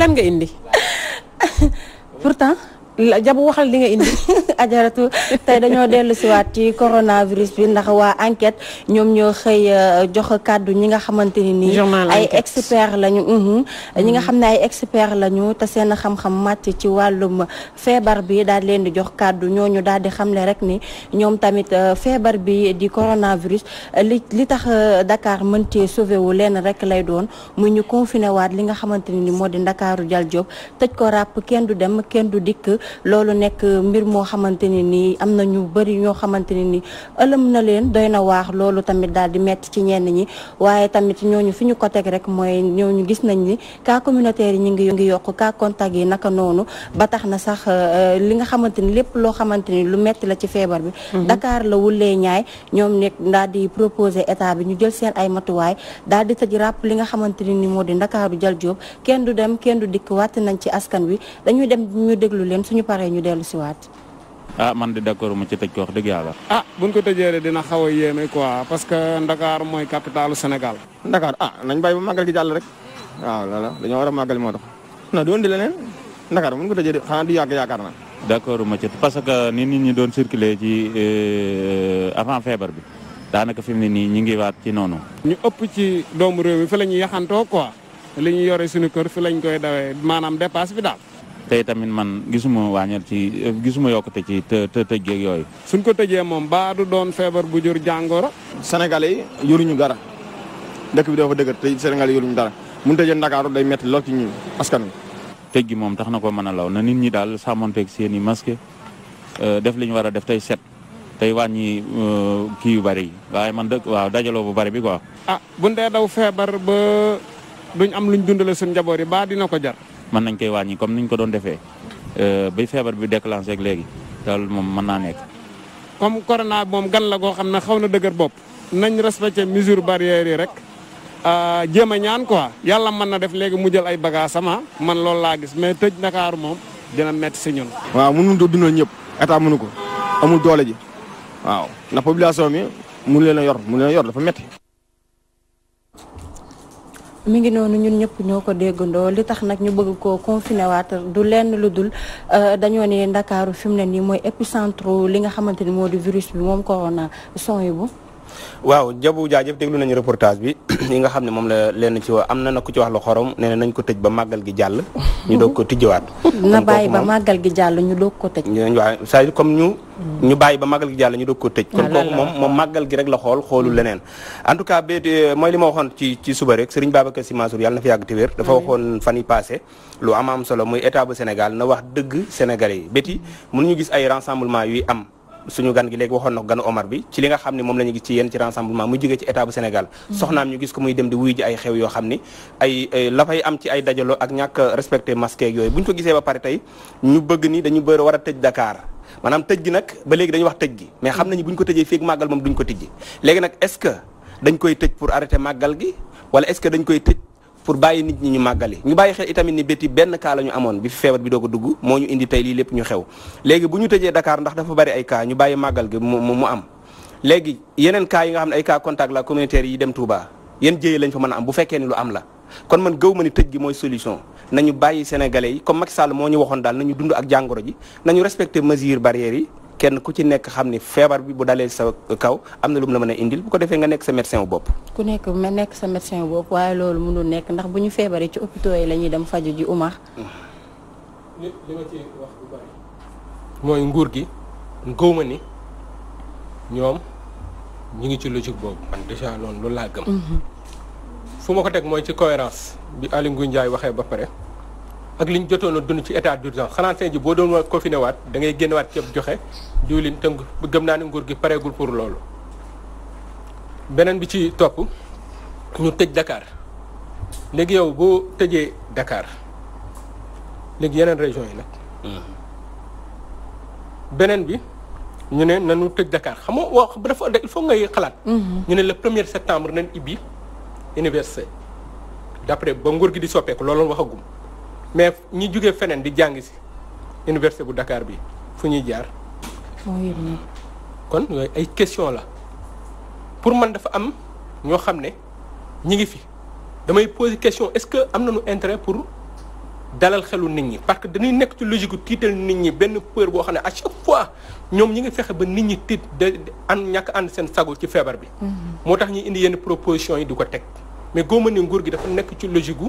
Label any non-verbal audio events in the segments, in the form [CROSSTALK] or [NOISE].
lan nga indi pourtant. jabu waxal li nga indi. [LAUGHS] ajaratu tey dañoo dellu siwaat ci coronavirus bi ndax waa enquête ñoom ñoo xëy euh, jox kàddu ñi nga xamante ni nii. ay expert lañu. ñi nga xam ne ay expert lañu te seen xam-xam màcc ci wàllum feebar bi daal leen di jox kàddu ñooñu daal di xamle rek ni ñoom tamit euh, feebar bi di coronavirus euh, li li tax dakaar mën cee sauvé wu leen rek lay doon mu ñu confiné waat li nga xamante ni moo di Ndakaaru jal job tëj ko ràpp kenn du dem kenn du dikk. loolu nekk mbir moo xamante ne nii am na ñu bëri ñoo xamante ne nii ëlëm na leen doy na waax loolu tamit daal di metti ci ñenn ñi waaye tamit ñooñu fi ñu ko teg rek mooy ñooñu gis nañ ni cas communautaire yi ñu ngi ngi yokk cas yi naka noonu ba tax na sax euh, euh, li nga xamante ni lépp loo xamante ni lu metti la ci feebar bi mhm. Dakar la wulee ñaay ñoom nekk daal di proposer état bi ñu jël seen ay matuwaay daal di tëj ràpp li nga xamante ni moo di Ndakaaru jal Jóob kenn du dem kenn du dikk wàtt nañ ci askan wi dañuy dem ñu déglu leen ñu ñu dellu si waat. ah man di d'accord mu ci tëj ko wax dëgg yàlla. ah buñ ko tëjee dina xaw a yéeme quoi parce que Ndakaar mooy capitalu Sénégal. Ndakaar ah nañ bàyyi ba màggal gi jàll rek waaw loola dañoo war a màggal moo tax na doon di leneen Ndakaar buñ ko tëjee de xanaa du yàgg yaakaar naa. d'accord ma ci parce que ni nit ñi doon circuler ci euh, avant feebar bi daanaka fi mu ne nii ñu ngi waat ci noonu. ñu ëpp ci doomu réew mi fi la ñuy yaxantoo quoi li ñu yore suñu kër fi lañ koy dawee maanaam dépasse bi daal. te tamit man gisuma wàññal ci gisuma yokkute ci te te tëj geeg yooyu. suñ ko tëjee moom baa du doon feebar bu jur jàngoro. Sénégalais yi yoruñu dara dëkk bi dafa dëgër te Sénégalais ñu dara mun tëjee Ndakaaru day metti lool ci ñun askan wi. tëj gi moom tax na ko mën a law na nit ñi daal sàmmanteeg seen i masque euh, def li ñu war a def tey set. tey wàññi euh, kii yu bëri yi waaye man dëkk dajaloo bu bëri bi quoi. ah bu dee daw feebar ba duñ am luñ dundale suñ njaboot yi ba dina ko jar. mën nañ koy wàññi comme niñ ko doon defee euh, bi feebar bi déclenché ak léegi daal moom mën naa nekk. comme corona moom gan la goo xam ne xaw na dëgër bopp nañ respecté mesure barrière yi rek euh, jéem a ñaan quoi yàlla mën na def léegi mu jël ay bagages sama ah, man loolu laa gis mais tëj Ndakaaru moom dina metti si ñun. waaw mun mënuñu ko dundal ñëpp état munu ko amul doole ji waaw ndax population bi mun leen a yor mënu leen a yor dafa metti mi ngi noonu ñun ñëpp ñoo ko déggandoo li tax nag ñu bëgg koo confiné waat du lenn lu dul euh, dañoo ne Ndakaaru fi mu ne nii mooy épicentre li nga xamante ni moo di virus bi moom corona son yi bu waaw jabu jaajëf déglu nañu reportage bi [CLEARS THROAT] nga xam ne moom la leen ci wax am na na ku ci wax lu xorom nee na nañ ko tëj ba màggal gi jàll ñu doog ko tijjiwaat [LAUGHS] na bàyyi ba màggal gi jàll ñu doog ko tëj waaw c'est-à-dire comme ñu ñu bàyyi ba màggal gi jàll ñu doog ko tëj kon ah, kooku moom moom màggal gi rek la xool xoolul leneen en tout cas bi mooy li ma waxoon ci ci suba rek Serigne Babacar Sy Mansour yàlla na fi yàgg te dafa waxoon fan yi passé lu am am solo muy état bu Sénégal na wax dëgg Sénégalais yi béti ñu gis ay rassemblement yuy am suñu gan gi léegi waxoon na ganu Omar bi ci li nga xam ne moom la ñu gis ci yéen ci rassemblement mu jógee ci état bu Sénégal mhm. soxnaam ñu gis ko muy dem di wuy ji ay xew yoo xam ni ay la am ci ay dajaloo ak ñàkk respecte masque ak yooyu bu ñu ko gisee ba pare tey ñu bëgg ni dañu bëri war a tëj Dakar maanaam tëj gi nag ba léegi dañu wax tëj gi mais xam nañu bu ñu ko tëjee fii màggal moom duñ ko tijji léegi nag est-ce que dañ koy tëj pour arrêter màggal g wala est-ce koy tëj pour bàyyi nit ñi ñu màggali ñu bàyyi xel itamit ni bétti benn kaa la ñu amoon bi fi feebar bi doog a dugg moo ñu indi tey lii lépp ñu xew léegi bu ñu tëjee Dakar ndax dafa bari ay cas ñu bàyyi màggal gi mu mu am léegi yeneen kaa yi nga xam ne ay cas contact la communautaire yi dem Touba yan jéye lañ fa mën a am bu fekkee ni lu am la kon man gëw ma ni tëj gi mooy solution nañu bàyyi sénégalais yi comme Macky Sall moo ñu waxoon daal nañu dund ak jàngoro ji nañu respecté mesures barrières yi kenn ku ci nekk xam ni feebar bi bu dalee sa kaw am na lu mu la mën a indil bu ko defee nga nekk sa médecin wu bopp ku nekk ma nekk sa médecin wu bopp waaye loolu mënul nekk ndax bu ñu feebaree ci hôpitaux yi la ñuy dem faju ji umar li mooy nguur gi gëwma ni ñoom ñu ngi ci logique boobu man déjà loolu laa gëm mhm. fu ma ko teg mooy ci cohérence bi Aly Ngouille waxee ba pare ak li ñu jotoon dund ci état d'urgence xanaa tey ji boo doon wa confiné waat da ngay génn waat ceeb joxe diwlin te gëm naa ne nguur gi pareegul pour loolu beneen bi ci topp ñu tëj Dakar léegi yow boo tëjee dakaar léegi yeneen région yi nag mm-hmm. beneen bi ñu ne nañu tëj Dakar xam nga wax dafa il faut ngay xalaat mm-hmm. ñu ne le premier septembre nañ ibbi université d'après ba nguur gi di soppeeku loolu waxagum mais ñi jugee feneen di jàng si université bu dakaar bi fu ñuy jaar. kon yooyu ay question la pour man dafa am ñoo xam ne ñi ngi fi damay poser question est-ce que am nañu intérêt pour dalal xelu nit ñi parce que dañuy nekk ci logique gu tiital nit ñi benn peur boo xam ne à chaque fois ñoom ñi ngi fexe ba nit ñi tiit de ànd ñàkk ànd seen sago ci feebar bi. Mm-hmm. moo tax ñuy indi yenn proposition yi du ko teg mais góoma ni nguur gi dafa nekk ci logique gu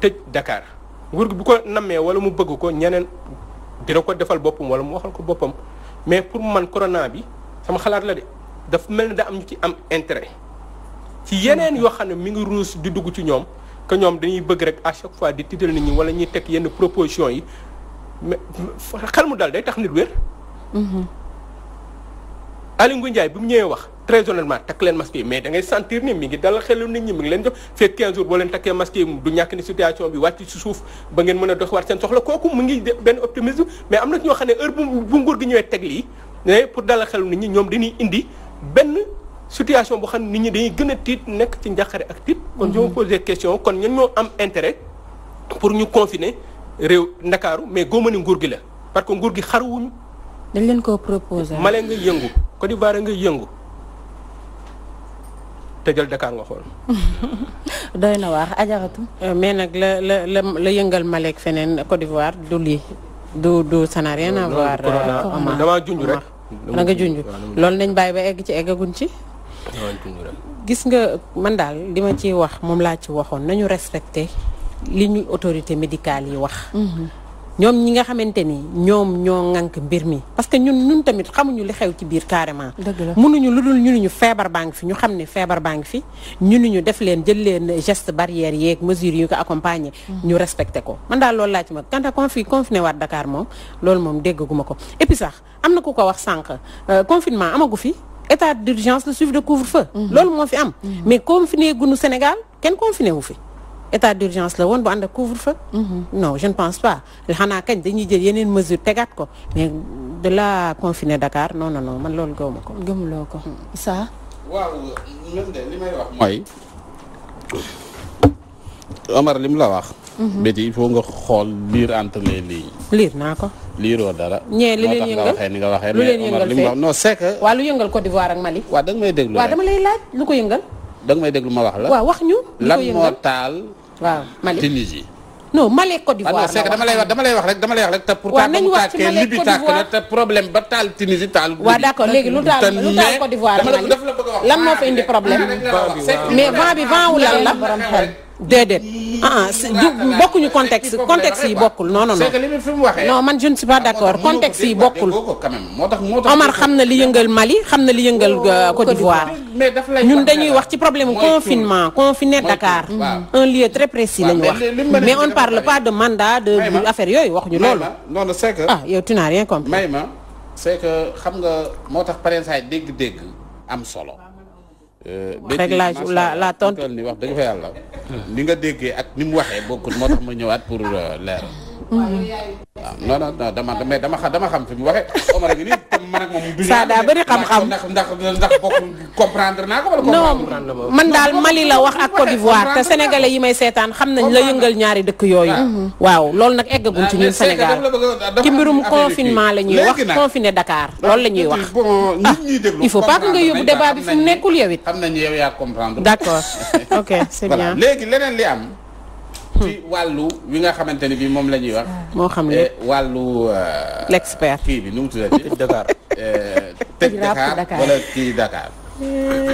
tëj Dakar. nguur gi bu ko nammee wala mu bëgg ko ñeneen dina ko defal boppam wala mu waxal ko boppam mais pour man corona bi sama xalaat la de daf mel ne da am ñu ci am intérêt ci yeneen yoo xam ne mi ngi ruus di dugg ci ñoom que ñoom dañuy bëgg rek à chaque fois di tiital nit ñi wala ñuy teg yenn proposition yi mais xel mu dal day tax nit wér mm-hmm. Aly Ngouille Ndiaye bi mu ñëwee wax très honnêtement takk leen masque yi mais da ngay sentir ni mi ngi dalal xelu nit ñi mi ngi leen jox fekk 15 boo leen takkee masque yi du ñàkk ni situation bi wàcc ci suuf ba ngeen mën a doxewaat seen soxla kooku mu ngi na ñoo xam ne heure bu dañuy indi situation boo xam ne nit ñi dañuy gën a tiit nekk ci njàqare ak tiit kon je me mhm. question kon ñoo am intérêt pour ñu confiner réew Ndakaaru mais goo ni nguur gi la parce que nguur gi xaruwuñu dañ leen koo proposé Mali nga yëngu Côte d'Ivoire nga yëngu tëjal Dakar nga xool. [LAUGHS] doy na waax ajaratu. Euh, mais nag la la la la yëngal Malek feneen Côte d'Ivoire du lii du du ça n'a rien à voir. Euh, damaa junj rek. da loolu nañ bàyyi ba egg ci eggaguñ ci. gis nga man daal li ma ciy wax moom laa ci waxoon nañu respecté li ñuy autorité médicale yi wax. Mhm. ñoom ñi nga xamante ni ñoom ñoo ŋànk mbir mi parce que ñun ñun tamit xamuñu li xew ci biir carrément mënuñu lu dul ñu niñu feebar baa ngi fi ñu xam ne feebar baa ngi fi ñu ñu def leen jël leen geste barrière yeeg mesures yu ko accompagner mm. ñu respecté ko man daal loolu laa ci mag quant à confi waat Dakar moom loolu moom déggaguma ko et puis sax am na ku ko wax sànq euh, confinement amagu fi état d'urgence le suivi de couvre-feu mm. loolu moo fi am mm. mais confiné gunu Sénégal kenn confiné wu fi état d'urgence la woon bu ànd ak couvre-feu mhm. non je ne pense pas xanaa kañ dañuy jël yeneen mesure tegaat ko mais de la confiner Dakar non man loolu gëwuma ko gëmuloo ko ça hmm. waaw ñun de li may la wax mhm. béti il faut nga xool lire entre les lignes naa ko liiroo dara ñee li leen yëngal ni nga waxee lu leen yëngal li mu wax non c'est que waa lu yëngal Côte d'Ivoire ak Mali waaw da nga may déglu waaw lu ko yëngal da nga ma wax la waaw wax ñu lan moo taal waaw Mali Tunisie. non Mali Côte d'Ivoire ah la dama lay wax dama lay wax rek dama lay wax rek te pourtant. waaw nañu wax ci Mali Côte d'Ivoire te problème ba taal Tunisie taal. waaw d'accord léegi lu taal lu taal Côte d'Ivoire lan moo fa indi problème. mais vent bi vent wu lan la. déedéet ah ah bokkuñu contexte contexte yi bokkul non non non. non man je ne suis pas d'accord contexte yi bokkul. Omar xam na li yëngal Mali xam na li yëngal euh, Côte d'Ivoire. ñun dañuy wax ci problème confinement confiné Dakar. un lieu très précis lañu wax. mais on parle pas de mandat de affaire yooyu waxuñu loolu. non non c'est que. ah yow tu n'as rien compris. may ma c'est que xam nga moo tax parrainage dégg dég am solo. Euh, réglage la la tontu ni wax dëgg fa yàlla. ni nga déggee ak ni mu waxee bokkul moo tax ma ñëwaat pour euh, leer. non non non dama mais dama xam dama xam fi mu waxee. Omar a ngi nii te man ak moom du saa daa bëri xam-xam ndax man daal Mali la wax ak Côte d'Ivoire te sénégalais yi may seetaan xam nañ la yëngal ñaari dëkk yooyu. Ah. Mm-hmm. waaw loolu nag eggagum ci ah, ñun Sénégal ci mbirum confinement la ñuy wax confiné Dakar loolu la ñuy ah, wax. ah il faut pas que nga yóbbu débat bi fi nekkul yow it. xam nañ yow yaa comprendre. d'accord [LAUGHS] léegi leneen li am. ci wàllu wi nga xamante ni bi moom la ñuy wax. moo xam ne eh, wàllu. Euh, l'expert kii bi nu mu tuddati. tëj Dakar eh, teg Dakar walla kii Dakar.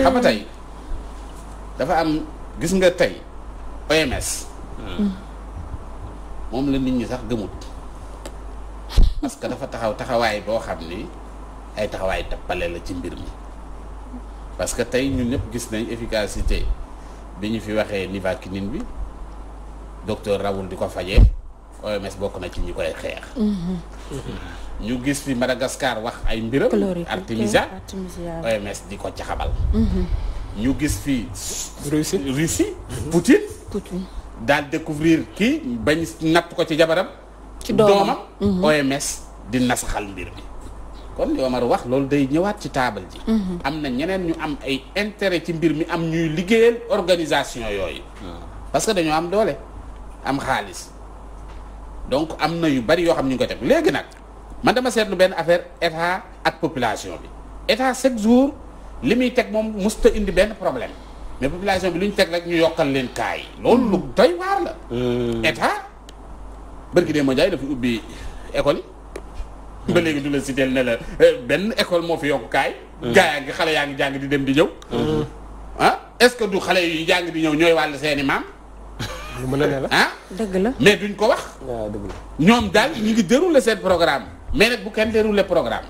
xam nga tey dafa am gis nga tey OMS. Hmm. moom la nit ñi sax gëmut parce que dafa taxaw taxawaay boo xam ni ay taxawaay tappale la ci mbir mi parce que tey ñun ñëpp gis nañ efficacité bi ñu fi waxee nivaquine bi. docteur Raoul di ko fajee OMS bokk na ci ñu koy xeex. Mm-hmm. ñu gis fi Madagascar wax ay mbiram. Artemisia OMS di ko xabal mm-hmm. ñu gis fi. Russie Russie. Mm-hmm. Poutine. Poutine daal découvrir kii ba natt ko ci jabaram. ci doomam OMS di nasaxal mbir mi. kon li Omar wax loolu day ñëwaat ci taabal ji. am na ñeneen ñu am ay intérêt ci mbir mi am ñuy liggéeyal organisation yooyu. Ah. parce que dañoo am doole. am xaalis donc am na yu bari yoo xam ñu ngi koy teg léegi nag man dama seetlu benn affaire état ak population bi état chaque jour li muy teg moom musta indi benn problème mais population bi lu ñu teg rek ñu yokkal leen kaay loolu lu doy waar la. Hmm. état barki dee moo jaay dafa ubbi école yi. Hmm. ba léegi du la cité ne la eh, benn école moo fi yokku kaay. Hmm. gaa yaa ngi xale yaa ngi jàng di dem di ñëw. ah est-ce que du xale yu jàng di ñëw ñooy wàll seeni maam. lu mën a ne la ah. dëgg la mais duñ ko wax. waaw ah, ñoom daal ñu ngi dérouler seen programme mais nag bu kenn dérouler programme.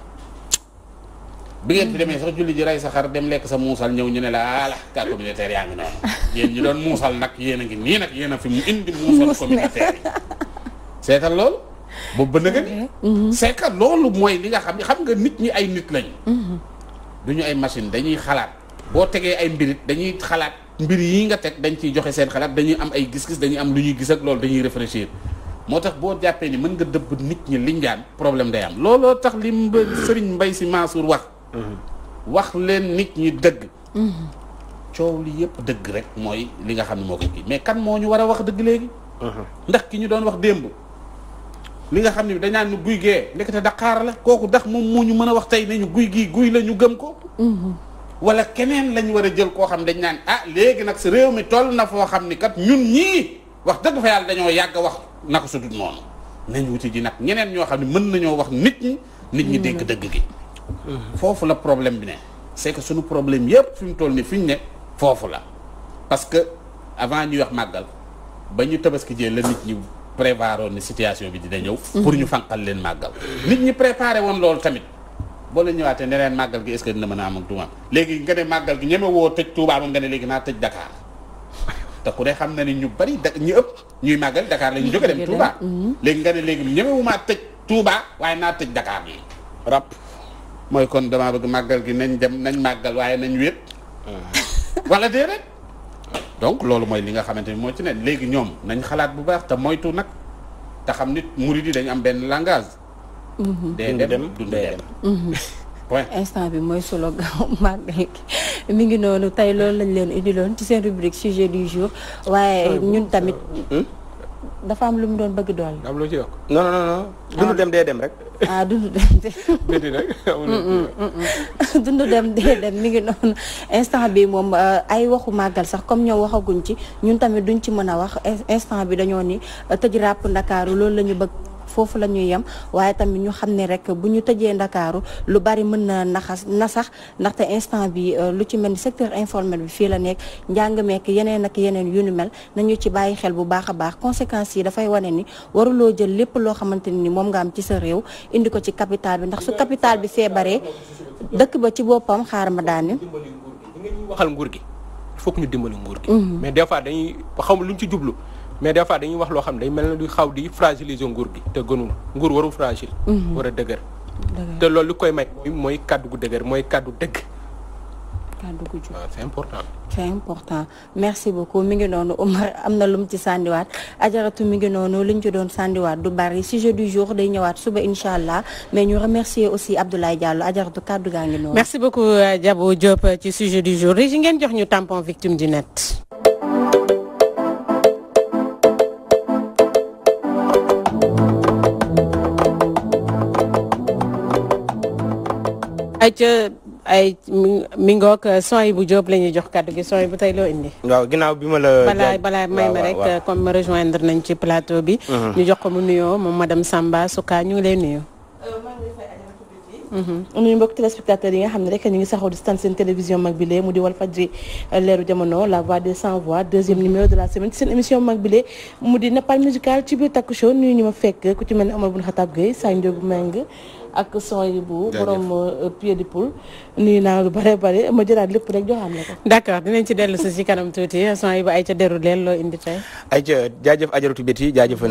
bi ngeen fi demee sax julli ji rey sa xar dem lekk sa muusal ñëw ñu ne la ala ah, cas communautaire yaa ngi noonu yéen ñu doon muusal nag yéen a ngi nii nag yéen a fi mu indi muusal communautaire yi seetal loolu boobu ba nëga ni mm-hmm. c'est que loolu mooy li nga xam ne xam nga nit ñi ay nit lañu. Mm-hmm. du ñu ay machine dañuy xalaat boo tegee ay mbirit dañuy xalaat mbir yi nga teg dañ ciy joxe seen xalaat dañuy am ay gis-gis dañuy am lu ñuy gis ak loolu dañuy réfléchir moo tax boo jàppee ni mën nga dëbb nit ñi liñ daan problème day am looloo tax li sëriñ Mbay Si Mansour wax wax leen nit ñi dëgg coow li yëpp dëgg rek mooy li nga xam ne moo ko kii mais kan moo ñu war a wax dëgg léegi ndax ki ñu doon wax démb li nga xam ne bi dañ naan ñu guy gee ndekete Dakar la kooku ndax moom moo ñu mën a wax tey ne guy gii guy la ñu gëm ko wala keneen lañ war a jël koo xam dañ naan ah léegi nag si réew mi toll na foo xam ni kat ñun ñii wax dëgg fa yàlla dañoo yàgg wax naka su dul noonu nañ wuti ji nag ñeneen ñoo xam ne mën nañoo wax nit ñi nit ñi dégg dëgg gi foofu la problème bi ne c'est que suñu problème yëpp fi mu toll ni fi ñu ne foofu la parce que avant ñuy wax màggal ba ñu tabaski jee la nit ñi prévoir ni situation bi dina ñëw pour ñu fanqal leen màggal nit ñi préparé woon loolu tamit boo leen ñëwaatee ne leen màggal gi est dina mën a am ak du ma léegi nga ne màggal gi ñeme woo tëj Touba moom nga ne léegi naa tëj Dakar te ku ne xam na ni ñu bari da ñu ëpp ñuy màggal Dakar la ñu jóge dem Touba mhm. léegi nga ne léegi ñemewumaa tëj Touba waaye naa tëj dakaar gi rab mooy kon damaa bëgg màggal gi nañ dem nañ màggal waaye nañ wéet ah. wala déedéet donc loolu mooy li nga xamante ni moo ci ne léegi ñoom nañ xalaat bu baax te moytu nag te xam nit murid yi dañ am benn langage Mm-hmm. dee dem du dee mm-hmm. [LAUGHS] instant bi mooy solo gaaw [LAUGHS] mag mi ngi noonu tey loolu lañ leen indiloon ci seen rubrique sujet du jour waaye ñun tamit hmm? dafa am lu mu doon bëgg dool am loo ci yokk dundu ah. dem dee dem rek ah dundu [LAUGHS] dem dee béti nag mi ngi noonu instant bi moom euh, ay waxu màggal sax comme ñoo waxaguñ ci ñun tamit duñ ci mën a wax instant bi dañoo ni euh, tëj ràpp ndakaaru loolu la bëgg foofu la ñuy yem waaye tamit ñu xam ne rek bu ñu tëjee ndakaaru lu bari mën na naxas na sax ndaxte instant bi euh, lu ci mel ni secteur informel bi fii la nekk njàng meek yeneen ak yeneen yu nu mel nañu ci bàyyi xel bu baax a baax conséquences yi dafay wane ni waruloo jël lépp loo xamante ni moom nga am ci sa réew indi ko ci capital bi ndax su capital bi feebaree dëkk ba ci boppam xaar ma daane waxal nguur gi il faut que ñu gi mhm. dañuy xam luñ ci jublu mais des fois dañuy wax loo xam ne day mel na du xaw di fragiliser nguur gi te gënul nguur waru fragile mhm. war a dëgër te loolu li koy may mooy kàddu gu mooy kàddu dëgg kàddu gu jub ah, c'est important c'est important merci beaucoup mi ngi noonu Omar am na lum ci sàndiwaat ajaratu mi ngi noonu liñ ci doon sàndiwaat du bari sujet du jour day ñëwaat suba incha allah mais ñu remercier aussi Abdoulaye Diallo ajaratu kàddu gaa ngi noonu merci beaucoup euh, Diabo Diop euh, ci sujet du jour yi ngeen jox ñu tampon victime du ayca ay mi ngoog euh, sooy bu Diop la ñuy jox kàddu gi sooy bu tey loo indi. waaw ginnaaw bi ma la. balaa balaa may ma rek euh, comme rejoindre nañ ci plateau bi. Mhm. ñu jox ko mu nuyoo moom madame Samba Souka ñu ngi lay nuyu. Euh, nuyu mhm. mbokk téléspectateurs yi nga xam ne rek ñu ngi saxoo di stan seen télévision mag bi lee mu di Walfadjri leeru jamono la voix des sans voix deuxième numéro de la semaine ci seen émission mag bi lee mu di napal musical ci biir takku show nuyu ñu ma fekk ku ci mel ne Omar Bun Xataab Gueye Sane Ndiogou ak son yi bu borom euh, pied di poule nuyu naa lu bare bare ma jëlaat lépp rek joxaam la ko d'accord dinañ ci dellu si si kanam tuuti son yi bu ay deru leel loo indi tey ay ca jaajëf ajaratu bét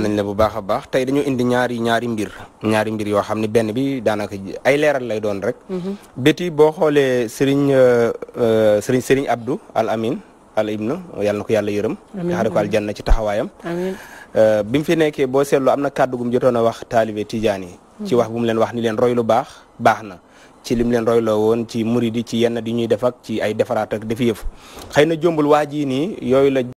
nañ la bu baax a baax tey dañu indi ñaari ñaari mbir ñaari mbir yoo xam ne benn bi daanaka ay leeral lay doon rek mhm. bét yi boo xoolee Serigne euh, euh, Serigne Serigne Abdou Al Amin Al Ibn yàlla na ko yàlla yërëm xare Euh, bi mu fi nekkee boo seetlu am na kàddu gum jotoon a wax taalibe tijaan yi hmm. ci wax bu leen wax leen roy baax baax ci lim leen royloo woon ci murid yi ci yenn di ñuy def ak ci ay defaraat ak defi yëf xëy na jombul waa jii